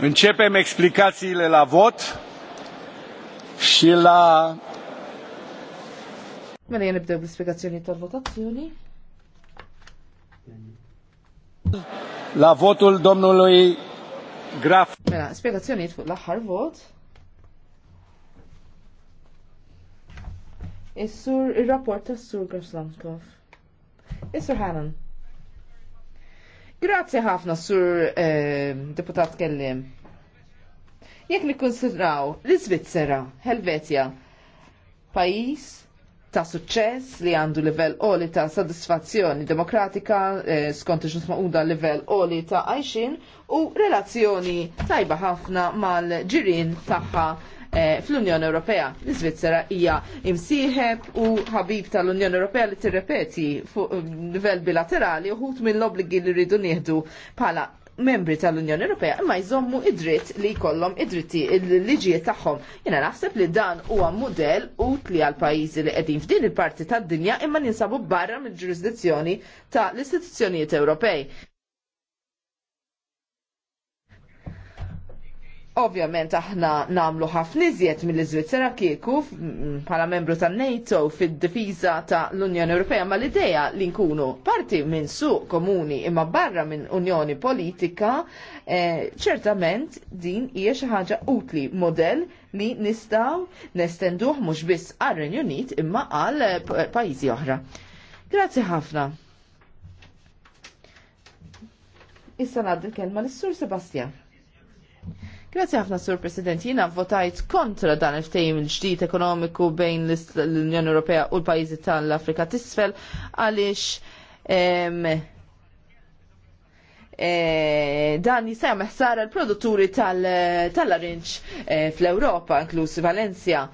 Începem explicațiile la vot și la... Mela jen nibdew explicațiile tot tal La votul domnului Graf. Mela, spiegazzjoni fuq l-aħħar vot. Is-sur, il-rapport sur Graf Slamkov. Is-sur Hanan. Grazzi ħafna sur ehm, deputat kellim. Jekk nikkonsidraw l-Iżvizzera, Helvetja, pajis ta' suċċess li għandu livell oli ta' sadisfazzjoni demokratika eh, skont iġnus maquda livell oli ta' għajxin u relazzjoni tajba ħafna mal-ġirin tagħha Eh, fl-Unjoni Ewropea. L-Iżvizzera hija imsieħeb u ħabib tal-Unjoni Ewropea li tirrepeti fuq eh, livell bilaterali uħut mill-obligi li rridu nieħdu bħala membri tal-Unjoni Ewropea imma jżommu id-dritt li jkollhom id-dritti l-liġijiet tagħhom. Jiena naħseb li dan huwa mudell utli għal pajjiżi li qegħdin f'din il-parti tad-dinja imma ninsabu barra mill-ġurisdizzjoni tal istituzzjonijiet Ewropej. Ovvjament aħna namlu ħafna mill-Iżvizzera kieku bħala membru tan-NATO fid-difiża ta' l-Unjoni Ewropea ma l-idea li nkunu parti minn suq komuni imma barra minn Unjoni Politika eh, ċertament eh, din hija xi ħaġa utli modell li nistgħu nestenduh mhux biss għar-Renju Unit imma għal eh, pajjiżi oħra. Grazzi ħafna. Issa ngħaddi l-kelma lis-Sur Sebastian. Grazie ħafna, Sur President. Jina votajt kontra dan il ftejm il-ġdid ekonomiku bejn l-Unjoni Ewropea u l-pajizi tal-Afrika tisfel għaliex e, dan jisaj meħsara l-produtturi tal-arinċ e, fl-Europa, inklusi Valencia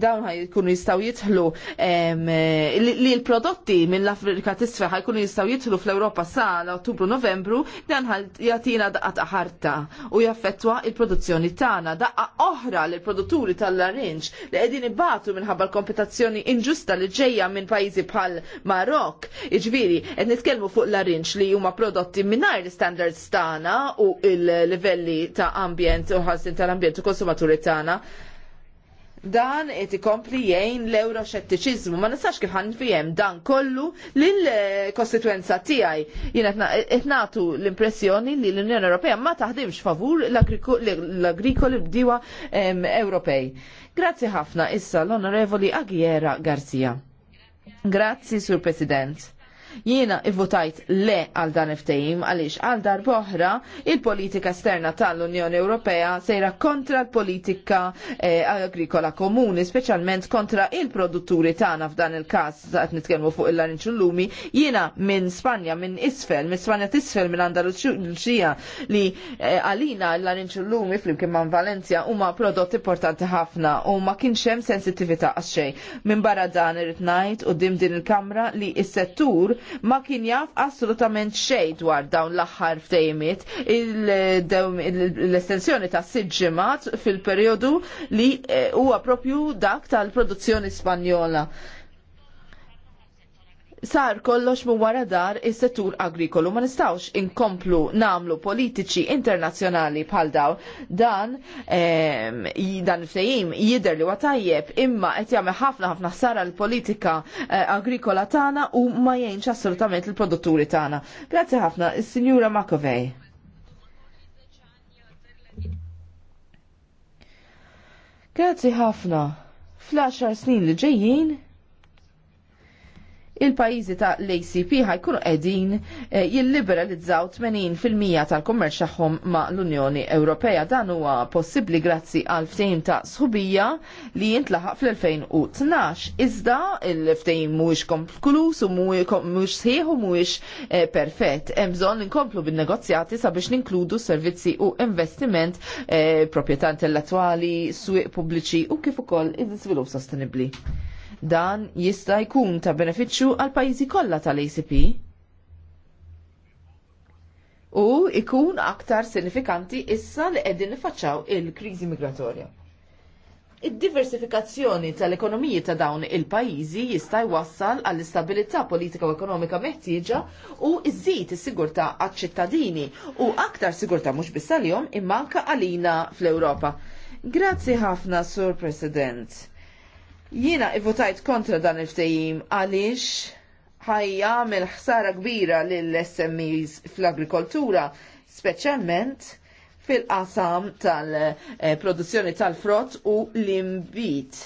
dawn ħaj jkunu jistaw jitħlu eh, li l-prodotti minn l-Afrika tisfel ħaj jkunu jistaw jitħlu fl-Europa sa ottubru Novembru dan ħal jatina daqqa ħarta u jaffettwa il-produzzjoni tagħna daqqa oħra l produtturi tal-larinġ li qegħdin ibatu minħabba l-kompetazzjoni inġusta li ġejja minn pajjiżi bħal Marok. Iġviri, qed nitkellmu fuq l-larinġ li huma prodotti mingħajr l-standards tagħna u l-livelli ta' ambjent u ħassin tal-ambjent u konsumaturi tagħna dan qed ikompli jgħin l euroxettiċizmu Ma nistax kif ħan fijem dan kollu lill-kostituenza tiegħi. Jien qed nagħtu l-impressjoni li l-Unjoni Ewropea ma taħdimx favur l-agrikoli bdiewa Ewropej. Grazzi ħafna issa l-Onorevoli Agiera Garzija. Grazzi, Sur President. Jiena ivvutajt le għal dan iftejim għaliex għal dar boħra il-politika esterna tal-Unjoni Ewropea sejra kontra l-politika eh, agrikola komuni, speċjalment kontra il-produtturi tagħna f'dan il-każ qed nitkellmu fuq il-larinċu lumi. Jiena minn Spanja, minn isfel, minn Spanja tisfel minn Andalusija li eh, għalina eh, l-larinċu lumi flimkien man Valencia huma prodott importanti ħafna u ma kienx hemm sensittività għax xejn. Minn barra dan irid ngħid qudiem din il-kamra li s-settur ma kien jaf assolutament xej dwar dawn l-aħħar ftejmiet l-estensjoni ta' siġġimat fil-periodu li eh, huwa propju dak tal-produzzjoni Spanjola sar kollox minn wara dar is-settur agrikolu. Ma nistawx inkomplu namlu politiċi internazzjonali bħal daw dan dan fejim jider li watajjeb imma qed jagħmel ħafna ħafna ħsara l-politika eh, agrikola tagħna u ma jgħinx assolutament il-produtturi tagħna. Grazzi ħafna, is-Sinjura Makovej. Grazzi ħafna. Fl-10 snin li ġejjin, il-pajizi ta' l-ACP ħajkunu edin eh, jilliberalizzaw 80% tal-kummerċ tagħhom ma' l-Unjoni Ewropea. Dan huwa possibbli grazzi għal ftehim ta' sħubija li jintlaħaq fl-2012. Iżda il-ftehim mhuwiex konklus u mhuwiex sħiħ u mhuwiex eh, perfett. Hemm bżonn inkomplu bin-negozjati sabiex ninkludu servizzi u investiment eh, proprjetà intellettwali, swieq pubbliċi u kif ukoll iż-iżvilupp sostenibbli. Dan jista' jkun ta' benefiċċju għal pajjiżi kollha tal-ACP. U ikun aktar sinifikanti issa li qegħdin nifaċċaw il-kriżi migratorja. Id-diversifikazzjoni tal-ekonomiji ta' dawn il-pajjiżi jista' jwassal għall istabilità politika u ekonomika meħtieġa u iżid is-sigurtà għaċ-ċittadini u aktar sigurtà mhux biss għalihom imma anke għalina fl-Ewropa. Grazzi ħafna, Sur President. Jiena ivvotajt kontra dan il-ftejim għaliex għamil ħsara kbira lill-SMEs fl-agrikoltura, speċjalment fil-qasam tal-produzzjoni eh, tal-frott u l-imbit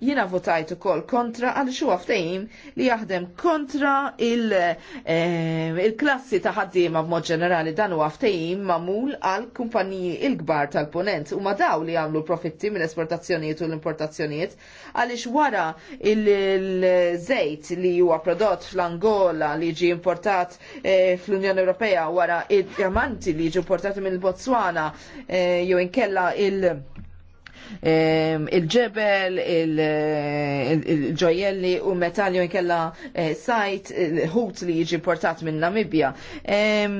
Jina votajt ukoll kontra għal xu għaftajim li jaħdem kontra il-klassi il eh, ta' ħaddiema b'mod ġenerali dan huwa ftehim mamul għal kumpaniji il-kbar tal-ponent u ma daw li għamlu profitti mill esportazzjonijiet u l-importazzjonijiet għaliex wara il-żejt li huwa prodott fl-Angola li ġi importat eh, fl-Unjoni Ewropea wara il diamanti li ġi importati mill-Botswana eh, jew inkella il- Ehm, il-ġebel, il-ġojelli u u jkella eh, sajt il ħut li jiġi portat minn Namibja. Ehm,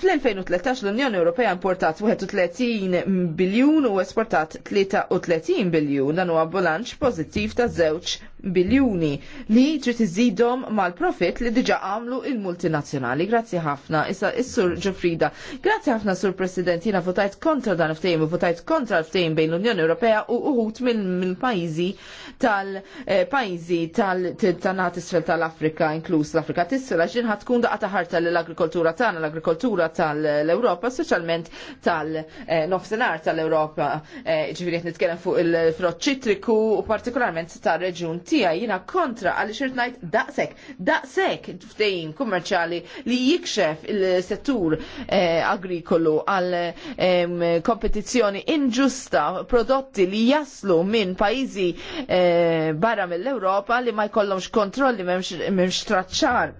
fl-2013 l-Unjoni Ewropea importat 31 biljun u esportat 33 biljun dan huwa bilanċ pożittiv ta' żewġ biljuni li trid iżidhom mal-profit li diġa għamlu il-multinazzjonali. Grazzi ħafna. Issa is-Sur Ġofrida. Grazzi ħafna Sur President, jiena votajt kontra dan ftehim u votajt kontra l-ftehim bejn l-Unjoni Ewropea u uħut mill-pajjiżi tal-pajjiżi eh, tal-tanat isfel tal-Afrika, inkluż l-Afrika tisfel, għax ħad tkun daqata ħarta l-agrikoltura tagħna, l-agrikoltura tal-Ewropa, speċjalment tal-nofsinhar eh, tal-Ewropa. Eh, ġifieri qed nitkellem fuq il-frott ċitriku u partikolarment tar-reġjun tijaj jiena kontra għaliex xirt ngħid daqshekk, daqshekk ftejn kummerċjali li jikxef il-settur eh, agrikolu għal ehm, kompetizzjoni inġusta prodotti li jaslu minn pajjiżi eh, barra mill-Ewropa li ma jkollhomx kontrolli m'hemmx traċċar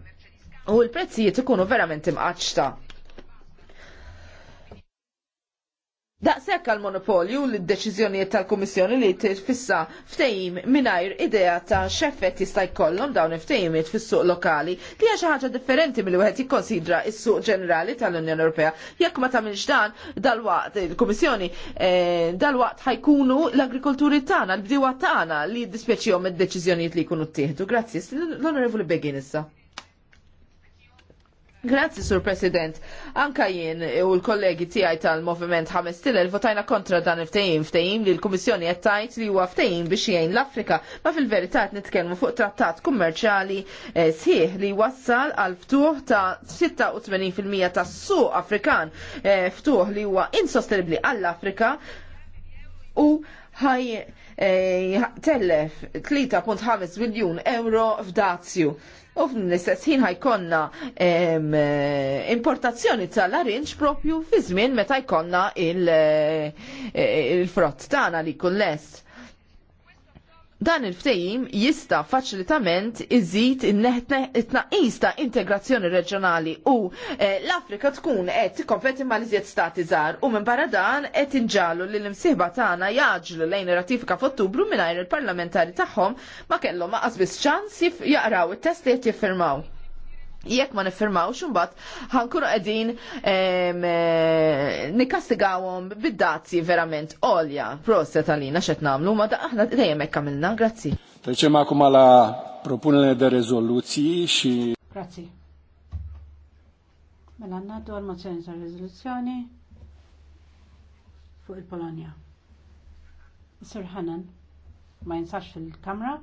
u l-prezzijiet ikunu verament imqaċċta. Daqshekk għal monopolju l deċiżjonijiet tal-Kummissjoni li t-fissa ftejim mingħajr idea ta' xeffet jista' jkollhom dawn ftejimiet ftehimiet fis-suq lokali li hija xi ħaġa differenti milli wieħed jikkonsidra s-suq ġenerali tal-Unjoni Ewropea. Jekk ma tagħmilx dan waqt il-Kummissjoni eh, dalwaqt ħajkunu l-agrikolturi tagħna, l bdiwa tagħna li jiddispjaċihom id-deċiżjonijiet li jkunu ttieħdu. Grazzi, l-Onorevoli Begin issa. Grazzi, Sur President. Anka jien u l-kollegi tiegħi tal-Moviment 5000 votajna kontra dan il-ftehim, ftehim li l-Kummissjoni qed tgħid li huwa ftehim biex jgħin l-Afrika, ma fil-verità nitkellmu fuq trattat kummerċjali eh, sħiħ li wassal għal ftuħ ta' 86% tas-suq Afrikan, eh, ftuħ li huwa insostenibbli għall-Afrika u ħaj Eh, tellef 3.5 miljon euro f'dazju. U f'nistess istess ħin ħajkonna eh, importazzjoni tal-arinċ propju fi żmien meta jkonna eh, il-frott tagħna li kull lest. Dan il-ftejim jista faċilitament iżid it-naqis ta' integrazzjoni reġjonali u eh, l-Afrika tkun qed tikkompeti mal iżjed stati żgħar u minn barra dan qed inġalu li l-imsieħba tagħna jaġlu lejn ir-ratifika f'Ottubru mingħajr il-parlamentari tagħhom ma kellhom ma biss ċans jaqraw it-test li qed jiffirmaw jekk ma nifirmaw xumbat ħankunu qegħdin eh, nikastigawom bid-dazzi verament għolja tal-lina xet nagħmlu ma da aħna dejjem ekka għamilna, grazzi. ma' kum għala propunere de rezoluzji xi. Grazzi. Mela ngħaddu għal mozzjoni ta' riżoluzzjoni fuq il-Polonja. Sir Hanan ma jinsax fil-kamra.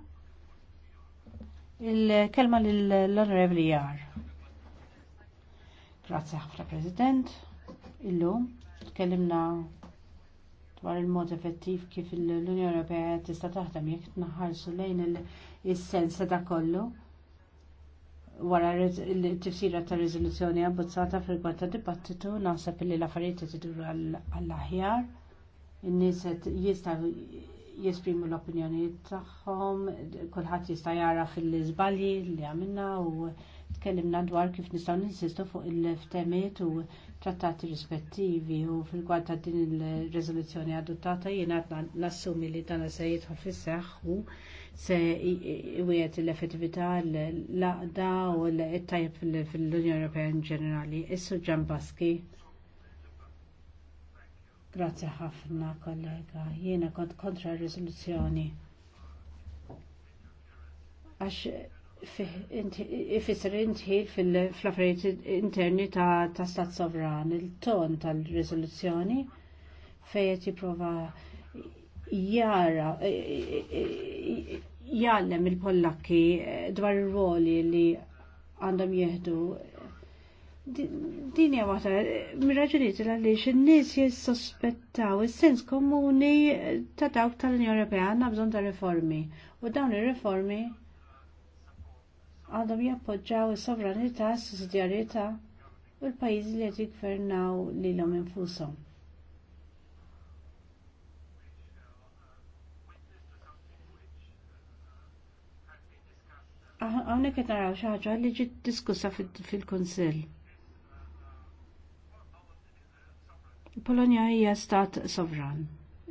Il-kelma l-Onorevli Jar. Grazie ħafna President. Illum, tkellimna dwar il-mod effettiv kif l-Unjoni Ewropea tista' taħdem jekk tnaħħarsu lejn il-sens ta' kollu wara t tifsira ta' riżoluzzjoni abbozzata fil-gwar ta' dibattitu naħseb li l-affarijiet tiduru għall-aħjar in-nies jistgħu jesprimu l-opinjoni tagħhom, kulħadd jista' jara fil-iżbalji li għamilna u tkellimna dwar kif nistgħu ninsistu fuq il-ftemiet u trattati rispettivi u fil-gwad ta' din il-rezoluzzjoni adottata jiena nassumi li dan se jidħol fis-seħħ u se iwiet l-effettività l-laqda u l-tajb fil-Unjoni Ewropea in ġenerali. Issu ġambaski. Grazzi ħafna kollega, jiena kont kontra r-riżoluzzjoni. Għax ifisser intħil fil-affarijiet interni ta', stat sovran, il-ton tal-riżoluzzjoni fejet jiprofa jara jgħallem il-Pollakki dwar ir-roli li għandhom jieħdu Din hija waħda mir-raġunijiet għaliex in-nies jissospettaw is-sens komuni ta' dawk tal-Unjoni Ewropea għandna bżonn ta' riformi u dawn ir-riformi għandhom jappoġġaw is-sovranità, s-sussidjarjetà u l-pajjiżi li qed jiggvernaw lilhom infushom. Hawnhekk qed naraw xi li ġit diskussa fil-Kunsill. Il-Polonia hija stat sovran.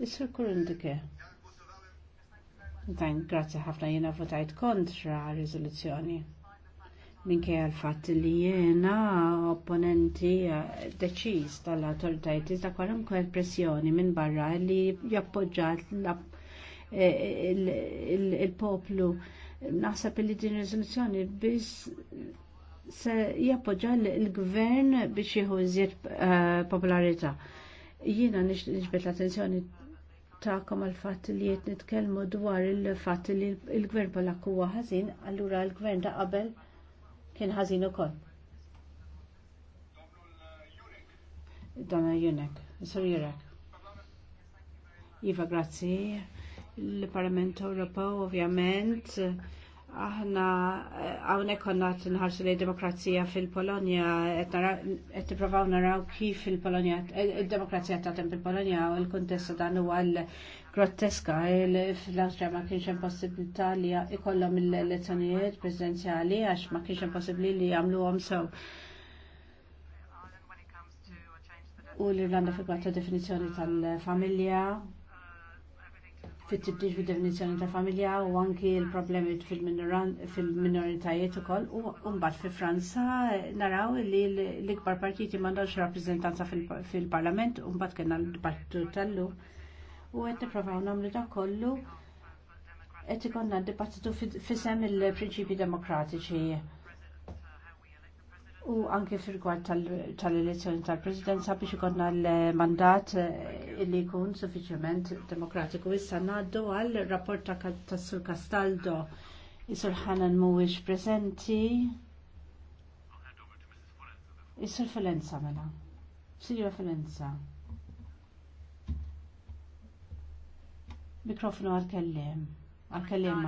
Isra kurundike. Dajn, grazzi ħafna jena votajt kontra rizoluzzjoni. Minkej għal-fat li jena opponenti eh, deċiż tal-autoritajt iżda kwalunkwe pressjoni minn barra li jappoġġat eh, il-poplu. Naħseb li din rizoluzzjoni biss se jappoġġa l-gvern biex jieħu żjed eh, popolarità. Jiena nixbet l-attenzjoni ta'kom għal fatt li qed nitkellmu dwar il-fatt li l-gvern Polak huwa ħażin, allura l-gvern ta' qabel kien ħażin ukoll. Donna Junek, sur Jurek. Iva, grazzi. Il-Parlament Ewropew ovvjament Aħna eh, hawnhekk konna nħarsu li demokrazija fil-Polonja qed nippruvaw naraw kif il-Polonja eh, id-demokrazija ta' tem fil-Polonja u l-kuntest dan huwa groteska fil austria ma kienx hemm possibilità li ikollhom l-elezzjonijiet prezidenziali għax ma kienx hemm possibbli li jagħmluhom sew. U l-Irlanda fil-gwatta definizjoni tal-familja fit-tibdix fil-definizjoni ta' familja u anki l-problemi fil-minoritajiet u koll u mbagħad fi Franza eh, naraw li l-ikbar partiti m'għandhomx rappreżentanza fil-Parlament u mbagħad kellna l-dibattitu tal-lu u qed nippruvaw nagħmlu dak kollu qed ikonna dibattitu fisem il-prinċipji demokratiċi u anke fil-gwad tal-elezzjoni tal-presidenza biex ikonna l-mandat eh, li jkun suffiċjament demokratiku. Issa ngħaddu għal rapport ta' Sur Castaldo. Isur Ħanan mhuwiex preżenti. Isur Felenza mela. Sirja Felenza. Mikrofonu għal-kellim. għal kellim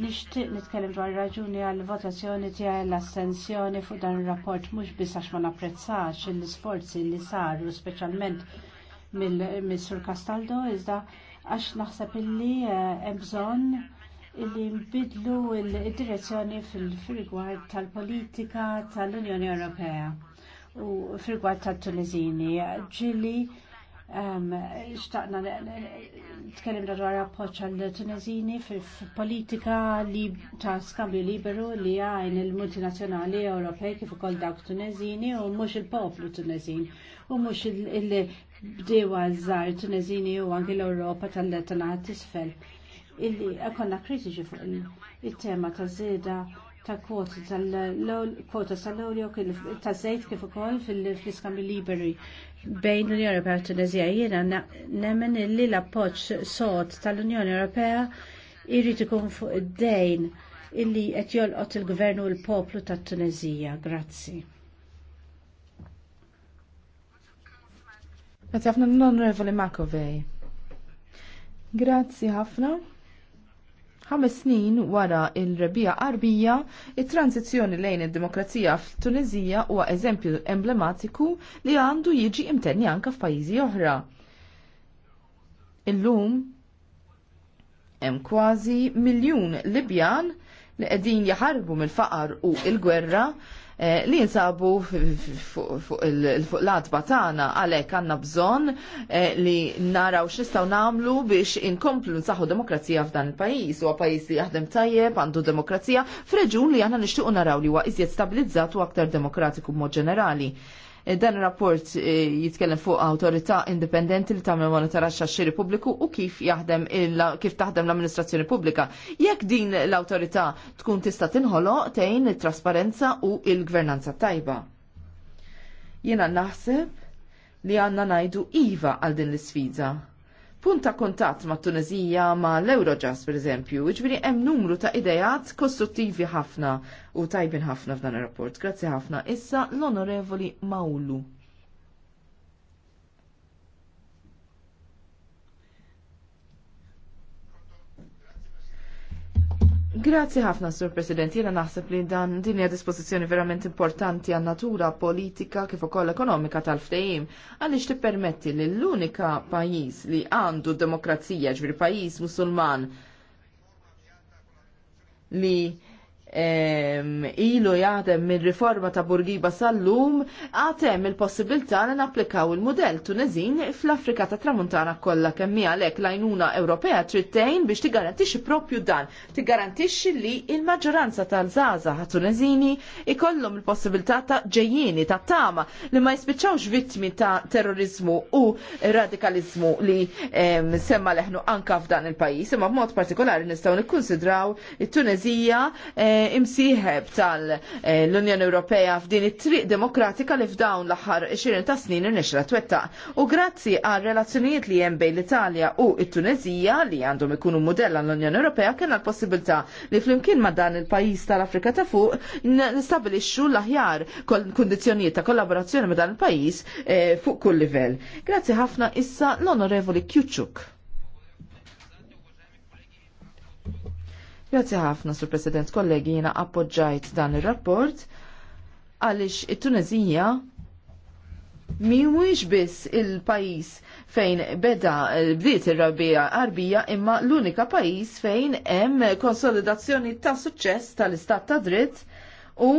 Nixtieq nitkellem dwar raġuni għall votazzjoni tiegħi l-assenzjoni fuq dan ir-rapport mhux biss għax ma napprezzax l-isforzi li saru speċjalment mill-Sur Castaldo iżda għax naħseb illi eh, hemm bżonn illi nbidlu id direzzjoni fil-rigward tal-politika tal-Unjoni Ewropea u fil-rigward tal-Tunizini. Ġili Ixtaqna tkellim dwar appoċ għal tunezini fil-politika li ta' skambju liberu li għajn il-multinazzjonali Ewropej kif ukoll dawk tunezini u mhux il-poplu tunezin u mhux il-bdewa żgħar tunezini u anke l-Ewropa tal-letanat isfel. Illi konna kritiċi fuq il-tema ta' żieda ta' kvota tal kvota tal-olio ta' zejt kif ukoll fil-iskambi liberi bejn l-Unjoni Ewropea u Tunezija jiena nemmen li l-appoġġ sod tal-Unjoni Ewropea jrid ikun fuq id-dejn illi qed jolqot il-gvern u l-poplu tat-Tunezija. Grazzi. Grazzi ħafna l-Onorevoli Makovej. Grazzi ħafna ħames snin wara il-rebija qarbija, it-tranzizzjoni lejn id-demokrazija f'Tunizija huwa eżempju emblematiku li għandu jiġi imtenni anka f'pajjiżi oħra. Illum hemm kważi miljun Libjan li qegħdin jaħarbu mill-faqar u l-gwerra Eh, li jinsabu fuq l-atba tagħna għalhekk għandna bżonn eh, li naraw x'nistgħu nagħmlu biex inkomplu nsaħu demokrazija f'dan il-pajjiż huwa pajjiż li jaħdem tajjeb għandu demokrazija f'reġun li aħna nixtiequ naraw li huwa iżjed stabilizzat u aktar demokratiku b'mod ġenerali. Eh, dan il-rapport eh, jitkellem fuq autorità indipendenti li tagħmel monitoraġġ għax-xiri pubbliku u kif jaħdem kif taħdem l-amministrazzjoni pubblika. Jekk din l awtorità tkun tista' tinħoloq tgħin it-trasparenza u l-gvernanza tajba. Jiena naħseb li għandna ngħidu iva għal din l-isfida punta kontatt ma' Tunezija ma' l-Eurojust per eżempju, ġviri hemm numru ta' idejat kostruttivi ħafna u tajbin ħafna f'dan ir-rapport. Grazzi ħafna. Issa l-Onorevoli Mawlu. Grazzi ħafna, Sur President. Jena naħseb li dan din hija dispożizzjoni verament importanti għan natura politika kif ukoll ekonomika tal-ftehim għaliex tippermetti li l-unika pajjiż li għandu demokrazija ġbir pajjiż Musulman li ilu jaħdem minn riforma ta' Burgiba sal-lum, għatem il-possibilità li napplikaw il-modell tunezin fl-Afrika ta' tramuntana kollha kemm għalhekk l-għajnuna Ewropea trittejn biex tigarantixxi propju dan, tigarantixxi li il-maġġoranza tal-żgħażagħ tunezini ikollhom il-possibilità ta' ġejjini ta' tama li ma jispiċċawx vittmi ta' terrorizmu u radikalizmu li semma leħnu anka f'dan il-pajjiż, imma b'mod partikolari nistgħu nikkunsidraw it-Tunezija imsieħeb tal-Unjoni Ewropea f'din it-triq demokratika li f'dawn l-aħħar 20 ta' snin irnexra twetta. U grazzi għal relazzjonijiet li hemm bejn l-Italja u it-Tunezija li għandhom ikunu modell għall-Unjoni Ewropea kien l-possibilità li flimkien ma' dan il-pajjiż tal-Afrika ta' fuq nistabilixxu l-aħjar kundizzjonijiet ta' kollaborazzjoni ma' dan il-pajjiż eh, fuq kull livell. Grazzi ħafna issa l-Onorevoli Kjuċuk. Grazzi ħafna, Sur President, kollegi, jina appoġġajt dan il-rapport għalix it-Tunezija miwix biss il-pajis fejn beda eh, bdiet ir-rabija arbija imma l-unika pajis fejn hemm konsolidazzjoni ta' suċċess tal-istat ta' dritt u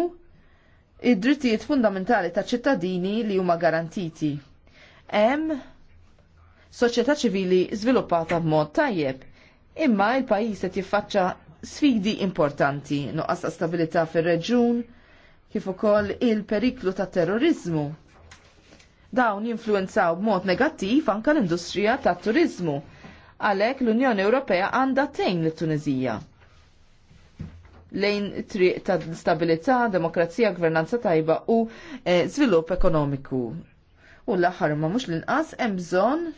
id-drittijiet fundamentali ta' ċittadini li huma garantiti. Hemm soċjetà ċivili żviluppata b'mod tajjeb imma il-pajis qed jiffaċċa sfidi importanti nuqqas ta' stabilità fir-reġun kif ukoll il-periklu ta' terrorizmu. Dawn jinfluenzaw b'mod negattiv anke l-industrija tat turiżmu għalhekk l-Unjoni Ewropea għandha tejn lit-Tuniżija lejn triq ta' stabilità, demokrazija, gvernanza tajba u e, eh, ekonomiku. U l-aħħar ma mhux l-inqas hemm bżonn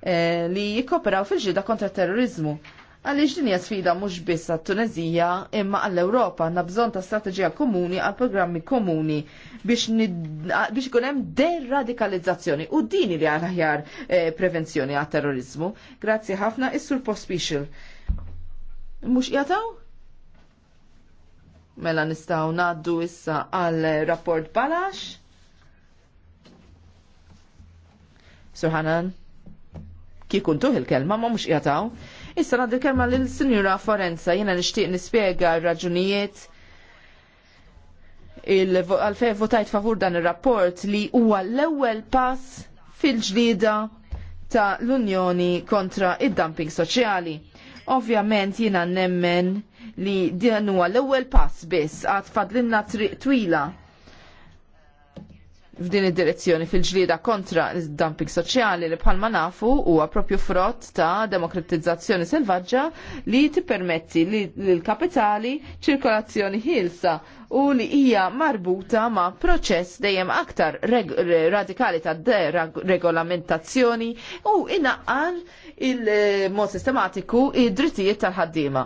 Eh, li jikoperaw fil-ġida kontra terrorizmu. Għaliex din hija sfida mhux biss għat-Tunezija imma għall-Ewropa għandna bżonn ta' strateġija komuni għal programmi komuni biex biex ikun hemm deradikalizzazzjoni u din li għal aħjar eh, prevenzjoni għat terrorizmu. Grazzi ħafna is-Sur Pospixil. Mhux jataw? Mela nistgħu ngħaddu issa għal rapport Balax. Sur Hanan kikun tuħ il-kelma ma mux jataw. Issa għad il-kelma l-Sinjura Forenza jena nishtiq nispiega raġunijiet għalfej votajt favur dan il-rapport li huwa l-ewwel pass fil-ġlida ta' l-Unjoni kontra id-dumping soċjali. Ovvjament jina nemmen li din huwa l-ewwel pass biss għad fadlinna twila f'din id-direzzjoni fil-ġlieda kontra dumping soċjali li bħalma nafu huwa propju frott ta' demokratizzazzjoni selvaġġa li tippermetti li l-kapitali ċirkolazzjoni ħilsa u li hija marbuta ma' proċess dejjem aktar radikali ta' deregolamentazzjoni u inaqqal il-mod sistematiku id-drittijiet tal-ħaddiema.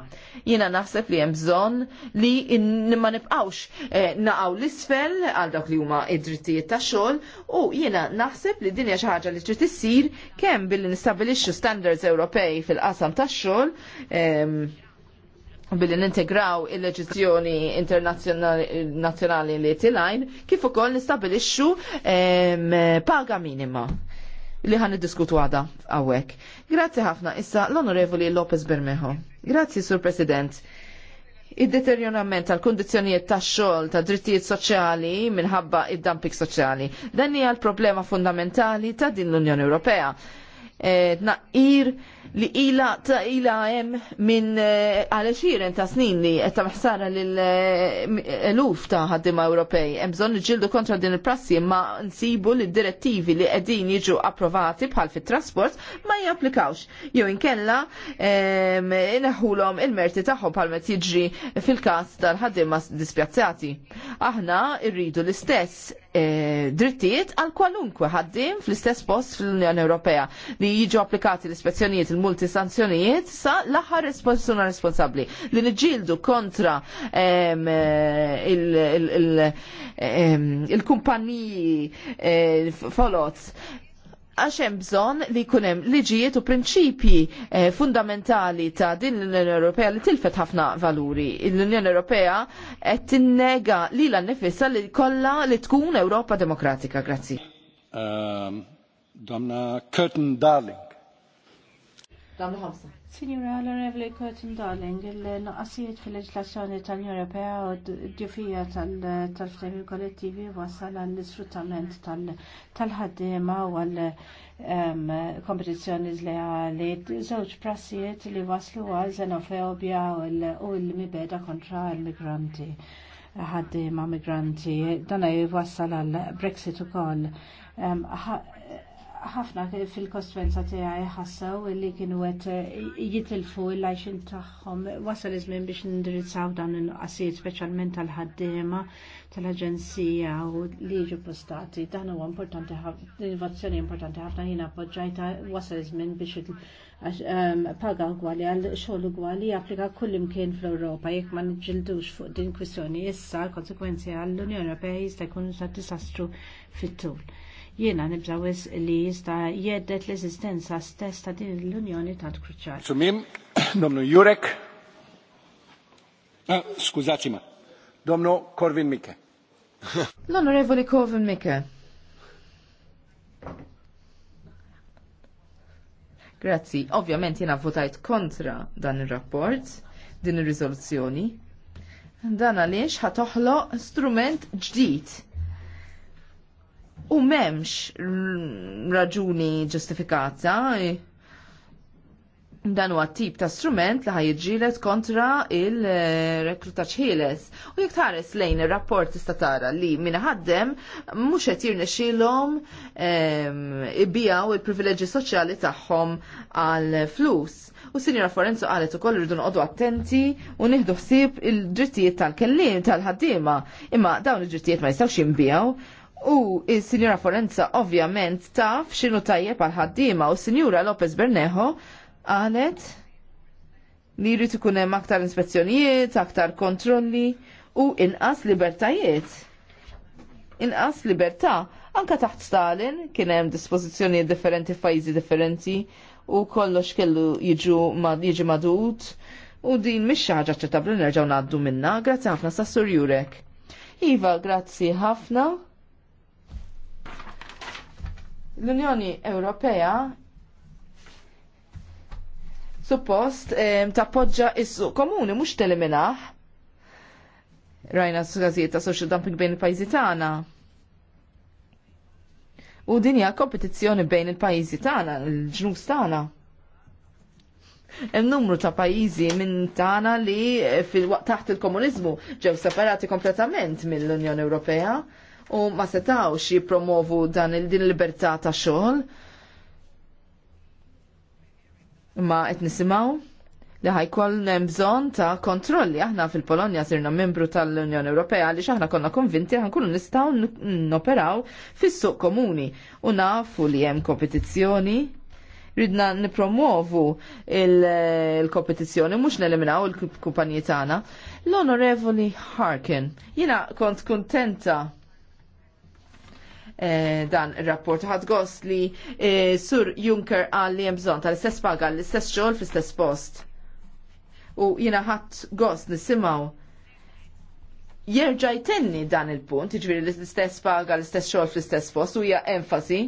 Jiena naħseb li hemm bżonn li ma nibqgħux eh, naqaw l-isfel għal dawk li huma id-drittijiet tax-xogħol u jiena naħseb li din hija xi ħaġa li trid issir kemm billi nistabilixxu standards Ewropej fil-qasam tax-xogħol ehm, billi nintegraw il-leġizjoni internazzjonali li tilajn kif ukoll nistabilixxu ehm, paga minima li ħan diskutu għada għawek. Grazzi ħafna, issa l-Onorevoli Lopez Bermejo. Grazzi, Sur President. Id-deterjonament tal-kondizjonijiet tax xogħol ta' drittijiet soċjali minħabba id-dumping soċjali. Dan hija l-problema fundamentali ta' din l-Unjoni Ewropea Eh, Tnaqir li ila ta' ila hemm minn eh, għal xiren ta' snin li qed maħsara lil eh, eluf ta' ħaddiema Ewropej. Hemm bżonn niġġieldu kontra din il-prassi imma nsibu li direttivi li qegħdin jiġu approvati bħal fit-trasport ma japplikawx. Jew inkella ehm, inaħulhom il-merti tagħhom bħal met jiġri fil-każ tal-ħaddiema dispjazzati. Aħna rridu l-istess E, drittijiet għal kwalunkwe ħaddim fl-istess post fl-Unjoni Ewropea li jiġu applikati l-ispezzjonijiet il-multi sanzjonijiet sa l-aħħar persuna responsabbli li niġġieldu kontra e, il-kumpaniji il, e, għax hemm bżonn li jkun hemm liġijiet u prinċipji eh, fundamentali ta' din l-Unjoni Ewropea li tilfet ħafna valuri. L-Unjoni Ewropea qed tinnega lilha nnifisha li kollha li tkun Ewropa Demokratika. Grazzi. Um, Domna Curtin Darling. Domna Hamsa. Signora, l-Onorevoli Curtin Darling, il naqqasijiet fil-leġlazzjoni tal-Unjoni Ewropea u d-djufija tal-ftehim kollettivi wasal għall sfruttament tal ħaddima u għall kompetizzjoni li Żewġ prassijiet li waslu għal xenofobia u l-mibeda kontra l-migranti ħaddima migranti. Dan jwassal għal Brexit ukoll ħafna fil-kostvenza tiegħi ħassew li kienu qed eh, jitilfu l-għajxin tagħhom wasal iż-żmien biex nindirizzaw dan il-qasijiet speċjalment tal-ħaddiema tal-aġenzija u li jiġu postati. Dan huwa importanti innovazzjoni importanti ħafna jien appoġġajta wasal iż-żmien biex ehm, paga gwali għal xogħol gwali japplika kull imkien fl-Ewropa jekk ma niġġildux fuq din kwistjoni issa l-konsekwenzi għall-Unjoni Ewropea jista' jkun disastru fit-tul jiena nibża wis li jista' jeddet l-eżistenza stess ta' din l-Unjoni ta' kruċjali. Sumim, domnu Jurek. Ah, skużaċi ma. Domnu Corvin Mike. L-Onorevoli Corvin Mike. Grazzi, ovvjament jena votajt kontra dan il-rapport, din il-rizoluzzjoni. Dan għaliex ħatoħlo strument ġdid u memx raġuni ġustifikata dan huwa tip ta' strument li ħajġilet kontra il rekruta ħieles. U jekk tħares lejn ir-rapport tista' tara li min ħaddem mhux qed jirnexxielhom ibijaw il-privileġġi soċjali tagħhom għal flus. U Sinjora Forenzo qalet ukoll irridu noqogħdu attenti u nieħdu ħsieb il-drittijiet tal-kelliem tal-ħaddiema, imma dawn il drittijiet ma jistgħux jinbijaw U il-Sinjura Forenza ovvjament taf xinu tajjeb għal ħaddiema u Sinjura Lopez Bernejo għalet li jrid ikun hemm aktar inspezzjonijiet, aktar kontrolli u inqas libertajiet. Inqas libertà anka taħt Stalin kien hemm dispożizzjonijiet differenti f'pajjiżi differenti u kollox kellu jiġu mad jiġi madut u din mhix xi ħaġa ċettabbli nerġgħu ngħaddu minnha grazzi ħafna sa' Jurek. Iva, grazzi ħafna. L-Unjoni Ewropea suppost tappoġġa is-suq komuni mhux teliminaħ. Rajna s ta' social dumping bejn il-pajjiżi tagħna. U din hija kompetizzjoni bejn il-pajjiżi tagħna, l ġnus tagħna. Hemm numru ta' pajjiżi minn tagħna li fil-waqt taħt il-komuniżmu ġew separati kompletament mill-Unjoni Ewropea u ma setawx jipromovu dan il-din libertà ta' xogħol. Ma qed nisimgħu li ħajkoll hemm bżonn ta' kontrolli. Aħna fil-Polonja sirna membru tal-Unjoni Ewropea għaliex aħna konna konvinti kullu nistgħu noperaw fis-suq komuni u nafu li hemm kompetizzjoni ridna nipromovu il-kompetizzjoni, mux neliminaw il-kumpanji tagħna. L-Onorevoli Harkin, jina kont kontenta eh, dan il-rapport. Ħad gost li eh, Sur Juncker għal li jemżon tal-istess paga, l-istess xogħol fl-istess post. U jina ħadd gost nisimaw jerġa' jtenni dan il-punt, iġviri l-istess paga, l-istess xogħol fl-istess post u hija enfasi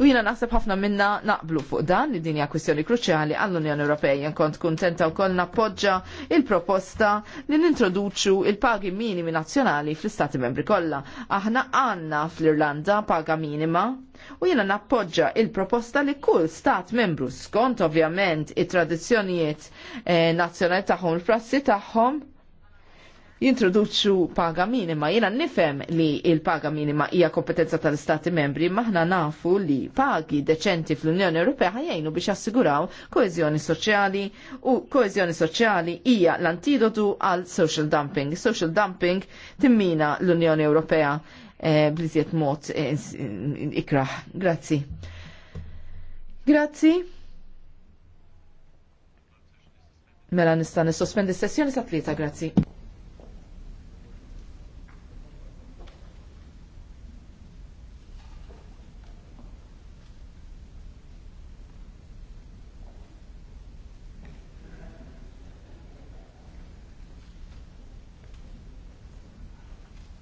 U jina naħseb ħafna minna naqblu fuq dan li dinja kwistjoni kruċjali għall-Unjoni Ewropea jien kont kuntenta wkoll nappoġġa il-proposta li nintroduċu il-pagi minimi nazzjonali fl-Istati Membri kollha. Aħna għandna fl-Irlanda paga minima u jiena nappoġġa il-proposta li kull stat membru skont ovvjament it-tradizzjonijiet eh, nazzjonali tagħhom, il-prassi tagħhom, jintroduċu paga minima. Jena nifem li il-paga minima hija kompetenza tal-Stati membri, maħna nafu li pagi deċenti fl-Unjoni Ewropea ħajjajnu biex assiguraw koezjoni soċjali u koezjoni soċjali hija l-antidotu għal social dumping. Social dumping timmina l-Unjoni Ewropea eh, bliżiet mod eh, ikraħ. Grazzi. Grazzi. Mela nista' nissospendi sessjoni sa' tlieta, grazzi.